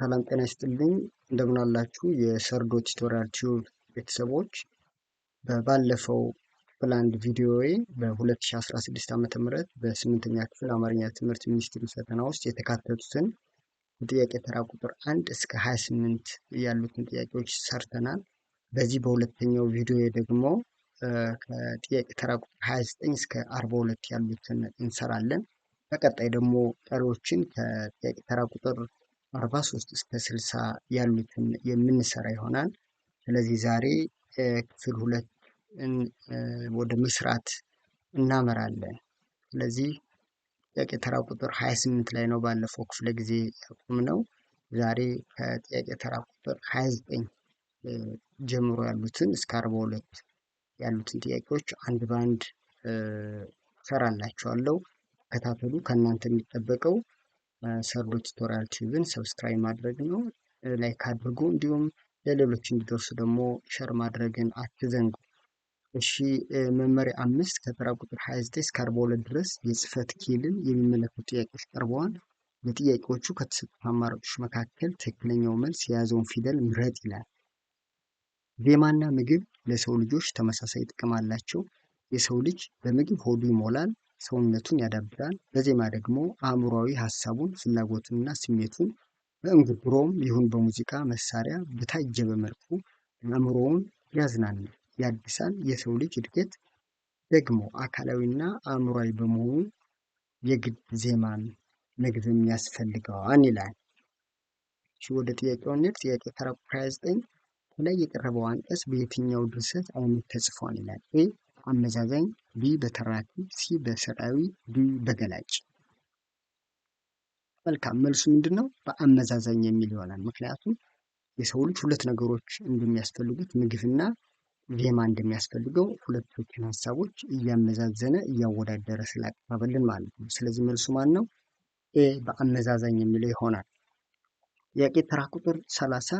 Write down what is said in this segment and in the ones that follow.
ሰላም ጤና ይስጥልኝ እንደምን አላችሁ የሰርዶ ቲቶሪያል ቲዩብ ቤተሰቦች። በባለፈው ፕላንድ ቪዲዮ ቪዲዮዬ በ2016 ዓ ም በስምንተኛ ክፍል አማርኛ ትምህርት ሚኒስትር ፈተና ውስጥ የተካተቱትን ጥያቄ ተራ ቁጥር 1 እስከ 28 ያሉትን ጥያቄዎች ሰርተናል። በዚህ በሁለተኛው ቪዲዮ ደግሞ ከጥያቄ ተራ ቁጥር 29 እስከ 42 ያሉትን እንሰራለን። በቀጣይ ደግሞ ቀሪዎችን ከጥያቄ ተራ ቁጥር ከ43 እስከ 60 ያሉትን የምንሰራ ይሆናል። ስለዚህ ዛሬ ክፍል ሁለት ወደ መስራት እናመራለን። ስለዚህ ጥያቄ ተራ ቁጥር 28 ላይ ነው ባለፈው ክፍለ ጊዜ ያቆምነው። ዛሬ ከጥያቄ ተራ ቁጥር 29 ጀምሮ ያሉትን እስከ 42 ያሉትን ጥያቄዎች አንድ በአንድ እሰራላችኋለሁ። ተከታተሉ ከእናንተ የሚጠበቀው ሰርዶ ቱቶሪያል ቲዩብን ሰብስክራይብ ማድረግ ነው። ላይክ አድርጉ፣ እንዲሁም ለሌሎች እንዲደርሱ ደግሞ ሸር ማድረግን አትዘንጉ። እሺ መመሪያ አምስት ከተራ ቁጥር 29 እስከ 42 ድረስ የጽህፈት ኪልን የሚመለከቱ ጥያቄዎች ቀርበዋል። ለጥያቄዎቹ ከተሰጡት አማራጮች መካከል ትክክለኛው መልስ የያዘውን ፊደል ምረጥ ይላል። ዜማና ምግብ ለሰው ልጆች ተመሳሳይ ጥቅም አላቸው። የሰው ልጅ በምግብ ሆዱ ይሞላል፣ ሰውነቱን ያዳብራል። በዜማ ደግሞ አእምሯዊ ሀሳቡን፣ ፍላጎቱንና ስሜቱን በእንጉርጉሮም ይሁን በሙዚቃ መሳሪያ በታጀበ መልኩ አእምሮውን ያዝናናል፣ ያድሳል። የሰው ልጅ እድገት ደግሞ አካላዊና አእምሯዊ በመሆኑ የግድ ዜማን ምግብም ያስፈልገዋል ይላል። እሺ ወደ ጥያቄው እንሂድ። ጥያቄ ተራ 29 ከላይ የቀረበው አንቀጽ በየትኛው ድርሰት አይነት ተጽፏል ይላል? ኤ አመዛዛኝ ቢ በተራኪ ሲ በስራዊ ዲ በገላጭ መልካም መልሱ ምንድን ነው በአመዛዛኝ የሚል ይሆናል ምክንያቱም የሰው ልጅ ሁለት ነገሮች እንደሚያስፈልጉት ምግብና ዜማ እንደሚያስፈልገው ሁለቶችን ሀሳቦች እያመዛዘነ እያወዳደረ ስላቀረበልን ማለት ነው ስለዚህ መልሱ ማን ነው ኤ በአመዛዛኝ የሚለው ይሆናል ጥያቄ ተራ ቁጥር ሰላሳ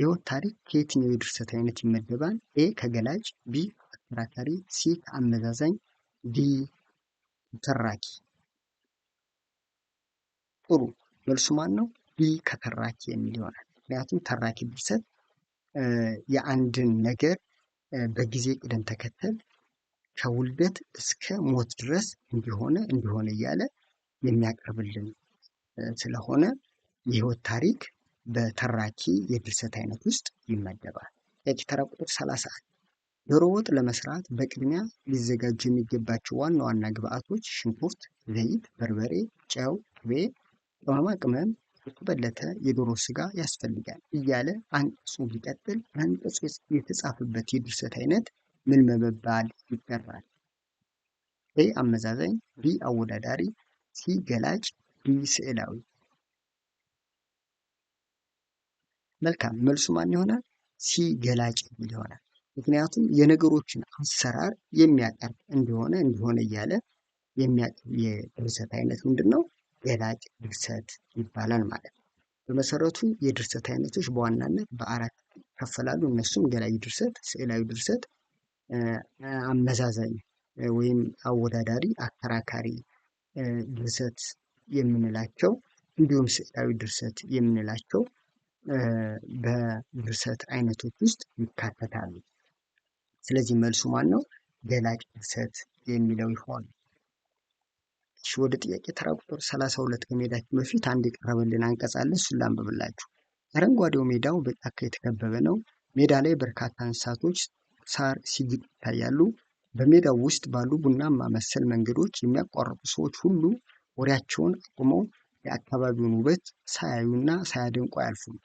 የህይወት ታሪክ ከየትኛው የድርሰት አይነት ይመደባል ኤ ከገላጭ ቢ ተከራካሪ ሲክ አመዛዛኝ ዲ ተራኪ ጥሩ መልሱ ማን ነው ዲ ከተራኪ የሚል ይሆናል ምክንያቱም ተራኪ ድርሰት የአንድን ነገር በጊዜ ቅደም ተከተል ከውልደት እስከ ሞት ድረስ እንዲሆነ እንዲሆነ እያለ የሚያቀርብልን ስለሆነ የህይወት ታሪክ በተራኪ የድርሰት አይነት ውስጥ ይመደባል። ጥያቄ ተራ ቁጥር 31 ዶሮ ወጥ ለመስራት በቅድሚያ ሊዘጋጁ የሚገባቸው ዋና ዋና ግብዓቶች ሽንኩርት፣ ዘይት፣ በርበሬ፣ ጨው፣ ቅቤ፣ ቅመማ ቅመም፣ የተበለተ የዶሮ ስጋ ያስፈልጋል እያለ አንቀጹ ቢቀጥል በአንቀጹ የተጻፈበት የድርሰት አይነት ምን በመባል ይጠራል? ኤ አመዛዛኝ፣ ቢ አወዳዳሪ፣ ሲ ገላጭ፣ ዲ ስዕላዊ። መልካም መልሱ ማን ይሆናል? ሲ ገላጭ የሚል ይሆናል። ምክንያቱም የነገሮችን አሰራር የሚያቀርብ እንደሆነ እንደሆነ እያለ የሚያቀርብ የድርሰት አይነት ምንድን ነው? ገላጭ ድርሰት ይባላል ማለት ነው። በመሰረቱ የድርሰት አይነቶች በዋናነት በአራት ይከፈላሉ። እነሱም ገላጭ ድርሰት፣ ስዕላዊ ድርሰት፣ አመዛዛኝ ወይም አወዳዳሪ፣ አከራካሪ ድርሰት የምንላቸው እንዲሁም ስዕላዊ ድርሰት የምንላቸው በድርሰት አይነቶች ውስጥ ይካተታሉ። ስለዚህ መልሱ ማን ነው? ገላጭ ድርሰት የሚለው ይሆን። እሺ ወደ ጥያቄ ተራ ቁጥር 32 ከመሄዳችን በፊት አንድ የቀረበልን አንቀጽ አለ። እሱን ላንብብላችሁ። አረንጓዴው ሜዳው በጫካ የተከበበ ነው። ሜዳ ላይ በርካታ እንስሳቶች ሳር ሲግጡ ይታያሉ። በሜዳው ውስጥ ባሉ ቡናማ መሰል መንገዶች የሚያቋርጡ ሰዎች ሁሉ ወሬያቸውን አቁመው የአካባቢውን ውበት ሳያዩና ሳያደንቁ አያልፉም።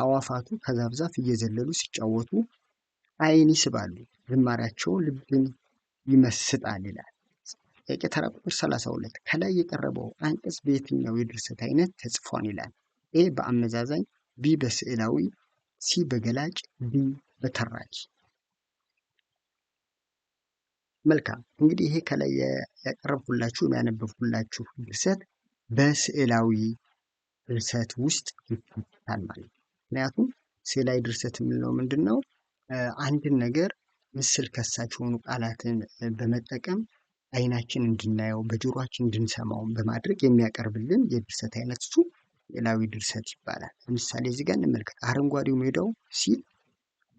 አዕዋፋቱ ከዛፍ ዛፍ እየዘለሉ ሲጫወቱ አይን ይስባሉ፣ ዝማሪያቸው ልብን ይመስጣል ይላል። ጥያቄ ተራ ቁጥር 32 ከላይ የቀረበው አንቀጽ በየትኛው የድርሰት አይነት ተጽፏል ይላል። ኤ በአመዛዛኝ፣ ቢ በስዕላዊ፣ ሲ በገላጭ፣ ዲ በተራኪ። መልካም እንግዲህ ይሄ ከላይ ያቀረብኩላችሁ ያነበብኩላችሁ ድርሰት በስዕላዊ ድርሰት ውስጥ ይካተታል ማለት ነው። ምክንያቱም ስዕላዊ ድርሰት የምንለው ምንድን ነው? አንድን ነገር ምስል ከሳች የሆኑ ቃላትን በመጠቀም አይናችን እንድናየው በጆሯችን እንድንሰማው በማድረግ የሚያቀርብልን የድርሰት አይነት እሱ ሌላዊ ድርሰት ይባላል። ለምሳሌ እዚህ ጋር እንመልከት። አረንጓዴው ሜዳው ሲል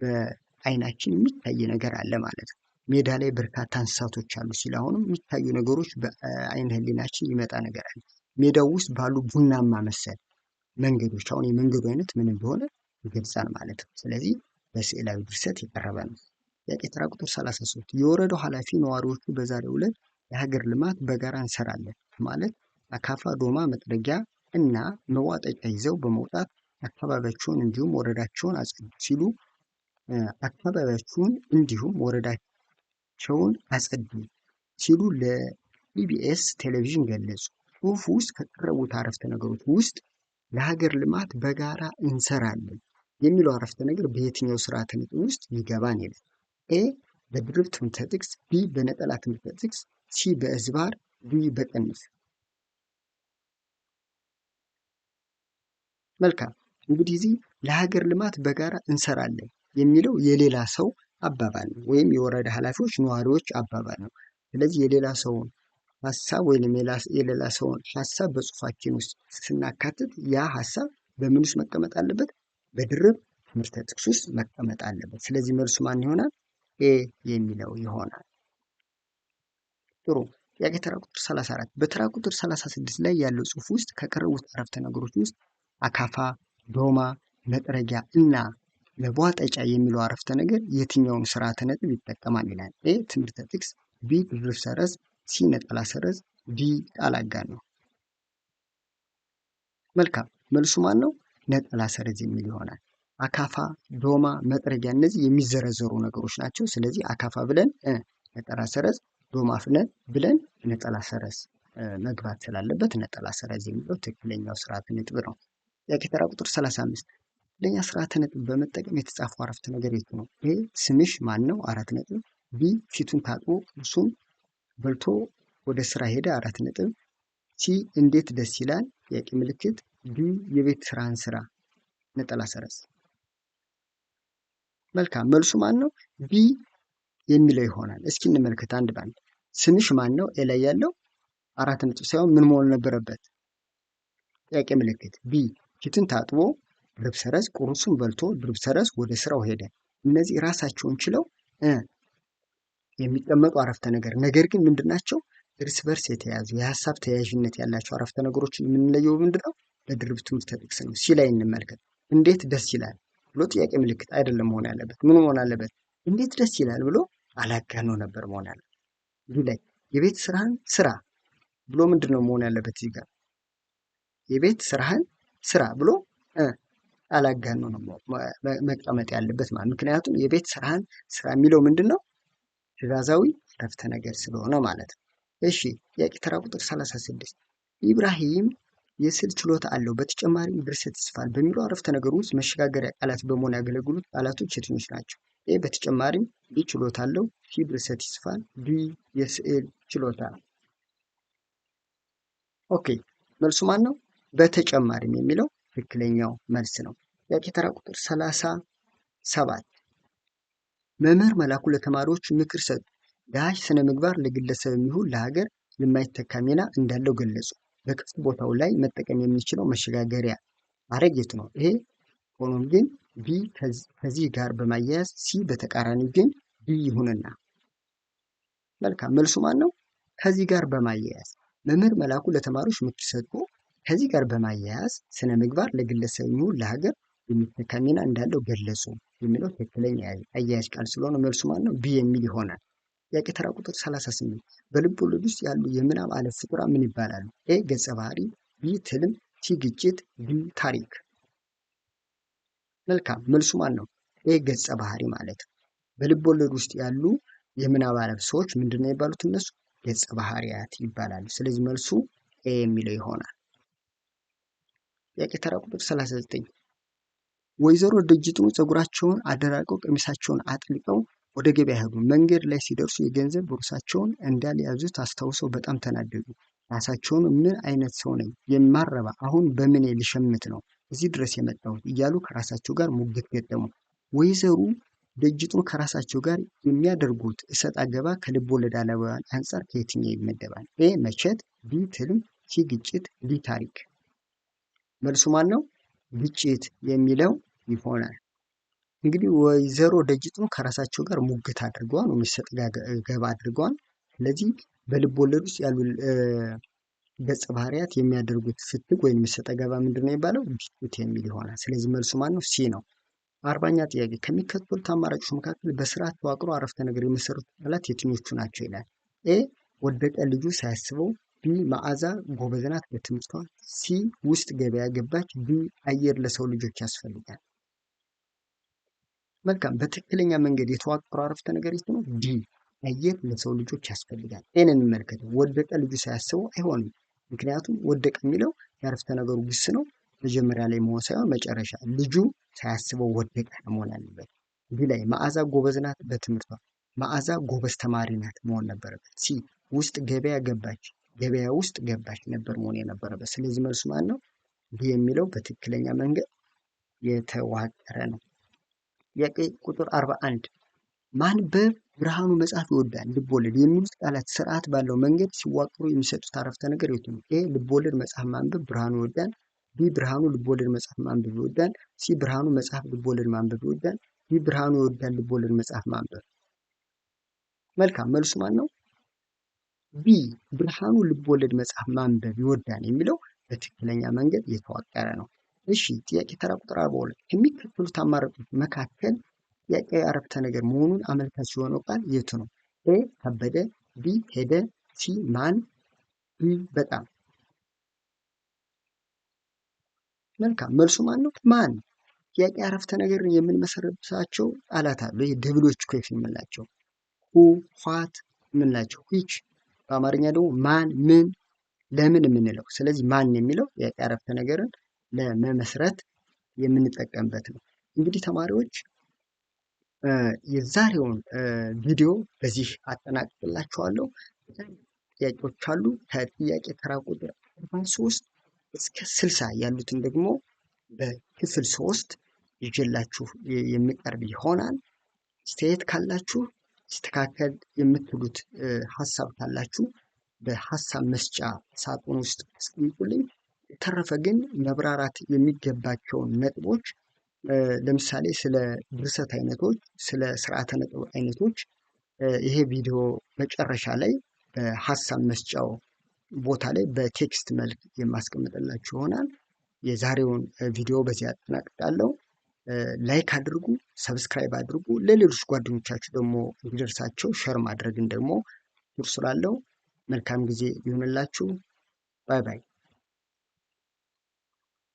በአይናችን የሚታይ ነገር አለ ማለት ነው። ሜዳ ላይ በርካታ እንስሳቶች አሉ ሲል አሁንም የሚታዩ ነገሮች በአይነ ህሊናችን ይመጣ ነገር አለ። ሜዳው ውስጥ ባሉ ቡናማ መሰል መንገዶች አሁን የመንገዱ አይነት ምንም እንደሆነ ይገልጻል ማለት ነው። ስለዚህ በስዕላዊ ድርሰት የቀረበ ነው። ጥያቄ ተራ ቁጥር 33 የወረዳው ኃላፊ ነዋሪዎቹ በዛሬው ዕለት የሀገር ልማት በጋራ እንሰራለን ማለት አካፋ፣ ዶማ፣ መጥረጊያ እና መዋጠጫ ይዘው በመውጣት አካባቢያቸውን እንዲሁም ወረዳቸውን አጸዱ ሲሉ አካባቢያቸውን እንዲሁም ወረዳቸውን አጸዱ ሲሉ ለኢቢኤስ ቴሌቪዥን ገለጹ። ጽሑፍ ውስጥ ከቀረቡት አረፍተ ነገሮች ውስጥ ለሀገር ልማት በጋራ እንሰራለን የሚለው አረፍተ ነገር በየትኛው ስርዓተ ነጥብ ውስጥ ይገባን ይላል። ኤ በድርብ ትምህርተ ጥቅስ፣ ቢ በነጠላ ትምህርተ ጥቅስ፣ ሲ በእዝባር፣ ዲ በቀንስ። መልካም እንግዲህ እዚህ ለሀገር ልማት በጋራ እንሰራለን የሚለው የሌላ ሰው አባባል ነው፣ ወይም የወረዳ ኃላፊዎች ነዋሪዎች አባባል ነው። ስለዚህ የሌላ ሰውን ሀሳብ ወይም የሌላ ሰውን ሀሳብ በጽሁፋችን ውስጥ ስናካትት ያ ሀሳብ በምን ውስጥ መቀመጥ አለበት? በድርብ ትምህርተ ጥቅስ ውስጥ መቀመጥ አለበት። ስለዚህ መልሱ ማን ይሆናል? ኤ የሚለው ይሆናል። ጥሩ። ጥያቄ ተራ ቁጥር 34 በተራ ቁጥር 36 ላይ ያለው ጽሑፍ ውስጥ ከቀረቡት አረፍተ ነገሮች ውስጥ አካፋ፣ ዶማ፣ መጥረጊያ እና መቧጠጫ የሚለው አረፍተ ነገር የትኛውን ስርዓተ ነጥብ ይጠቀማል ይላል። ኤ ትምህርተ ጥቅስ፣ ቢ ድርብ ሰረዝ፣ ሲ ነጠላ ሰረዝ፣ ዲ ቃል አጋር ነው። መልካም መልሱ ማን ነው? ነጠላ ሰረዝ የሚል ይሆናል። አካፋ፣ ዶማ፣ መጥረጊያ እነዚህ የሚዘረዘሩ ነገሮች ናቸው። ስለዚህ አካፋ ብለን ነጠላ ሰረዝ፣ ዶማ ብለን ነጠላ ሰረዝ መግባት ስላለበት ነጠላ ሰረዝ የሚለው ትክክለኛው ስርዓተ ነጥብ ነው። ጥያቄ ተራ ቁጥር 35 ለኛ ስርዓተ ነጥብ በመጠቀም የተጻፉ አረፍተ ነገር የቱ ነው? ኤ ስምሽ ማን ነው? አራት ነጥብ። ቢ ፊቱን ታጥቦ እሱም በልቶ ወደ ስራ ሄደ። አራት ነጥብ። ሲ እንዴት ደስ ይላል ጥያቄ ምልክት ቢ የቤት ስራን ስራ ነጠላ ሰረዝ። መልካም መልሱ ማን ነው? ቢ የሚለው ይሆናል። እስኪ እንመልከት አንድ ባንድ። ስምሽ ማን ነው? ኤ ላይ ያለው አራት ነጥብ ሳይሆን ምን መሆን ነበረበት? ጥያቄ ምልክት። ቢ ፊትን ታጥቦ ድርብ ሰረዝ ቁርሱን በልቶ ድርብ ሰረዝ ወደ ስራው ሄደ። እነዚህ ራሳቸውን ችለው የሚቀመጡ አረፍተ ነገር ነገር ግን ምንድን ናቸው? እርስ በርስ የተያዙ የሀሳብ ተያያዥነት ያላቸው አረፍተ ነገሮችን የምንለየው ምንድን ነው? ለድርብ ትምህርት ኤክስ ነው። ሲ ላይ እንመልከት። እንዴት ደስ ይላል ብሎ ጥያቄ ምልክት አይደለም መሆን ያለበት። ምን መሆን አለበት? እንዴት ደስ ይላል ብሎ አላጋኖ ነበር መሆን ያለበት። ይህ ላይ የቤት ስራህን ስራ ብሎ ምንድን ነው መሆን ያለበት? እዚህ ጋር የቤት ስራህን ስራ ብሎ አላጋኖ ነው መቀመጥ ያለበት ማለት። ምክንያቱም የቤት ስራህን ስራ የሚለው ምንድን ነው? ትዕዛዛዊ ረፍተ ነገር ስለሆነ ማለት ነው። እሺ ጥያቄ ተራ ቁጥር 36 ኢብራሂም የስዕል ችሎታ አለው። በተጨማሪም ድርሰት ይጽፋል በሚለው አረፍተ ነገር ውስጥ መሸጋገሪያ ቃላት በመሆን ያገለግሉት ቃላቶች የትኞች ናቸው? ኤ በተጨማሪም ቢ ችሎታ አለው፣ ሲ ድርሰት ይጽፋል፣ ዲ የስዕል ችሎታ። ኦኬ መልሱ ማን ነው? በተጨማሪም የሚለው ትክክለኛው መልስ ነው። ጥያቄ ተራ ቁጥር ሰላሳ ሰባት መምህር መላኩ ለተማሪዎች ምክር ሰጡ። የሀሽ ስነ ምግባር ለግለሰብ የሚሆን ለሀገር የማይተካ ሚና እንዳለው ገለጹ። በክፍት ቦታው ላይ መጠቀም የምንችለው መሸጋገሪያ አረጌት ነው? ይሄ ሆኖም ግን ቢ ከዚህ ጋር በማያያዝ ሲ በተቃራኒ ግን ቢ ይሁንና መልካም መልሱ ማን ነው? ከዚህ ጋር በማያያዝ መምህር መላኩ ለተማሪዎች ምቹ ሰጥቶ ከዚህ ጋር በማያያዝ ስነ ምግባር ለግለሰብ ይሁን ለሀገር የሚተካ ሚና እንዳለው ገለጹ የሚለው ትክክለኛ አያያዥ ቃል ስለሆነ መልሱ ማን ነው? ቢ የሚል ይሆናል። ጥያቄ ተራ ቁጥር 38 በልብ ወለድ ውስጥ ያሉ የምናብ አለፍ ፍጡራ ምን ይባላሉ? ኤ ገጸ ባህሪ፣ ቢ ትልም፣ ቲ ግጭት፣ ቢ ታሪክ። መልካም መልሱ ማን ነው? ኤ ገጸ ባህሪ ማለት ነው። በልብ ወለድ ውስጥ ያሉ የምናብ አለፍ ሰዎች ምንድን ነው የሚባሉት? እነሱ ገጸ ባህሪያት ይባላሉ። ስለዚህ መልሱ ኤ የሚለው ይሆናል። ጥያቄ ተራ ቁጥር 39 ወይዘሮ ድርጅቱ ፀጉራቸውን አደራቀው ቀሚሳቸውን አጥልቀው ወደ ገበያ ሄዱ። መንገድ ላይ ሲደርሱ የገንዘብ ቦርሳቸውን እንዳልያዙት አስታውሰው በጣም ተናደዱ። ራሳቸውን ምን አይነት ሰው ነኝ የማረባ፣ አሁን በምን ልሸምት ነው እዚህ ድረስ የመጣሁት እያሉ ከራሳቸው ጋር ሙግት ገጠሙ። ወይዘሩ በጅቶ ከራሳቸው ጋር የሚያደርጉት እሰጥ አገባ ከልብ ወለድ አላባውያን አንጻር ከየትኛው ይመደባል? ኤ መቼት፣ ቢ ትልም፣ ሲ ግጭት፣ ዲ ታሪክ። መልሱ ማን ነው? ግጭት የሚለው ይሆናል። እንግዲህ ወይዘሮ ደጅቱ ከራሳቸው ጋር ሙግት አድርገዋል፣ ሰጥ ገባ አድርገዋል። ስለዚህ በልብ ወለድ ውስጥ ያሉ ገጸ ባህሪያት የሚያደርጉት ፍትግ ወይም የሚሰጠ ገባ ምንድን ነው የሚባለው? ዲስፑት የሚል ይሆናል። ስለዚህ መልሱ ማን ነው? ሲ ነው። አርባኛ ጥያቄ ከሚከተሉት አማራጮች መካከል በስርዓት ተዋቅሮ አረፍተ ነገር የመሰረቱ ቃላት የትኞቹ ናቸው ይላል። ኤ ወደቀ ልጁ ሳያስበው፣ ቢ መዓዛ ጎበዝናት በትምህርቷ፣ ሲ ውስጥ ገበያ ገባች፣ ቢ አየር ለሰው ልጆች ያስፈልጋል። መልካም በትክክለኛ መንገድ የተዋቀሩ አረፍተ ነገር የት ነው? ዲ አየር ለሰው ልጆች ያስፈልጋል። ኤን እንመልከት። ወደቀ ልጁ ሳያስበው አይሆንም። ምክንያቱም ወደቀ የሚለው የአረፍተ ነገሩ ግስ ነው። መጀመሪያ ላይ መሆን ሳይሆን መጨረሻ ልጁ ሳያስበው ወደቀ መሆን አለበት። ዲ ላይ መዓዛ ጎበዝ ናት በትምህርቷ። መዓዛ ጎበዝ ተማሪ ናት መሆን ነበረበት። ሲ ውስጥ ገበያ ገባች፣ ገበያ ውስጥ ገባች ነበር መሆን የነበረበት። ስለዚህ መልሱ ማን ነው? ዲ የሚለው በትክክለኛ መንገድ የተዋቀረ ነው። ጥያቄ ቁጥር 41 ማንበብ ብርሃኑ መጽሐፍ ይወዳል ልቦለድ የሚሉት ቃላት ስርዓት ባለው መንገድ ሲዋቀሩ የሚሰጡት አረፍተ ነገር የቱ ነው? ኤ ልቦለድ መጽሐፍ ማንበብ ብርሃኑ ይወዳል። ቢ ብርሃኑ ልቦለድ መጽሐፍ ማንበብ ይወዳል። ሲ ብርሃኑ መጽሐፍ ልቦለድ ማንበብ ይወዳል። ዲ ብርሃኑ ይወዳል ልቦለድ መጽሐፍ ማንበብ። መልካም መልሱ ማን ነው? ቢ ብርሃኑ ልቦለድ መጽሐፍ ማንበብ ይወዳል የሚለው በትክክለኛ መንገድ የተዋቀረ ነው። እሺ ጥያቄ ተራ ቁጥር አርባ ሁለት ከሚከተሉት አማራጮች መካከል ጥያቄ አረፍተ ነገር መሆኑን አመልካች የሆነው ቃል የቱ ነው? ኤ ከበደ፣ ቢ ሄደ፣ ሲ ማን፣ ዲ በጣም። መልካም መልሱ ማን ነው? ማን። ጥያቄ አረፍተ ነገር የምንመሰርታቸው ቃላት አሉ። ይህ ድብሎች ኮፍ የምንላቸው ሁ፣ ኋት የምንላቸው ዊች፣ በአማርኛ ደግሞ ማን፣ ምን፣ ለምን የምንለው ስለዚህ ማን የሚለው ጥያቄ አረፍተ ነገርን ለመመስረት የምንጠቀምበት ነው። እንግዲህ ተማሪዎች የዛሬውን ቪዲዮ በዚህ አጠናቅቅላችኋለሁ። ጥያቄዎች አሉ። ከጥያቄ ተራ ቁጥር አርባ ሶስት እስከ ስልሳ ያሉትን ደግሞ በክፍል ሶስት ይዤላችሁ የሚቀርብ ይሆናል። አስተያየት ካላችሁ ይስተካከል የምትሉት ሀሳብ ካላችሁ በሀሳብ መስጫ ሳጥን ውስጥ አስቀምጡልኝ። በተረፈ ግን መብራራት የሚገባቸውን ነጥቦች ለምሳሌ ስለ ድርሰት አይነቶች፣ ስለ ስርዓተ ነጥብ አይነቶች ይሄ ቪዲዮ መጨረሻ ላይ በሀሳብ መስጫው ቦታ ላይ በቴክስት መልክ የማስቀምጥላችሁ ይሆናል። የዛሬውን ቪዲዮ በዚህ አጠናቅቃለሁ። ላይክ አድርጉ፣ ሰብስክራይብ አድርጉ። ለሌሎች ጓደኞቻችሁ ደግሞ እንዲደርሳቸው ሸር ማድረግን ደግሞ ይርሱላለው። መልካም ጊዜ ይሁንላችሁ። ባይ ባይ።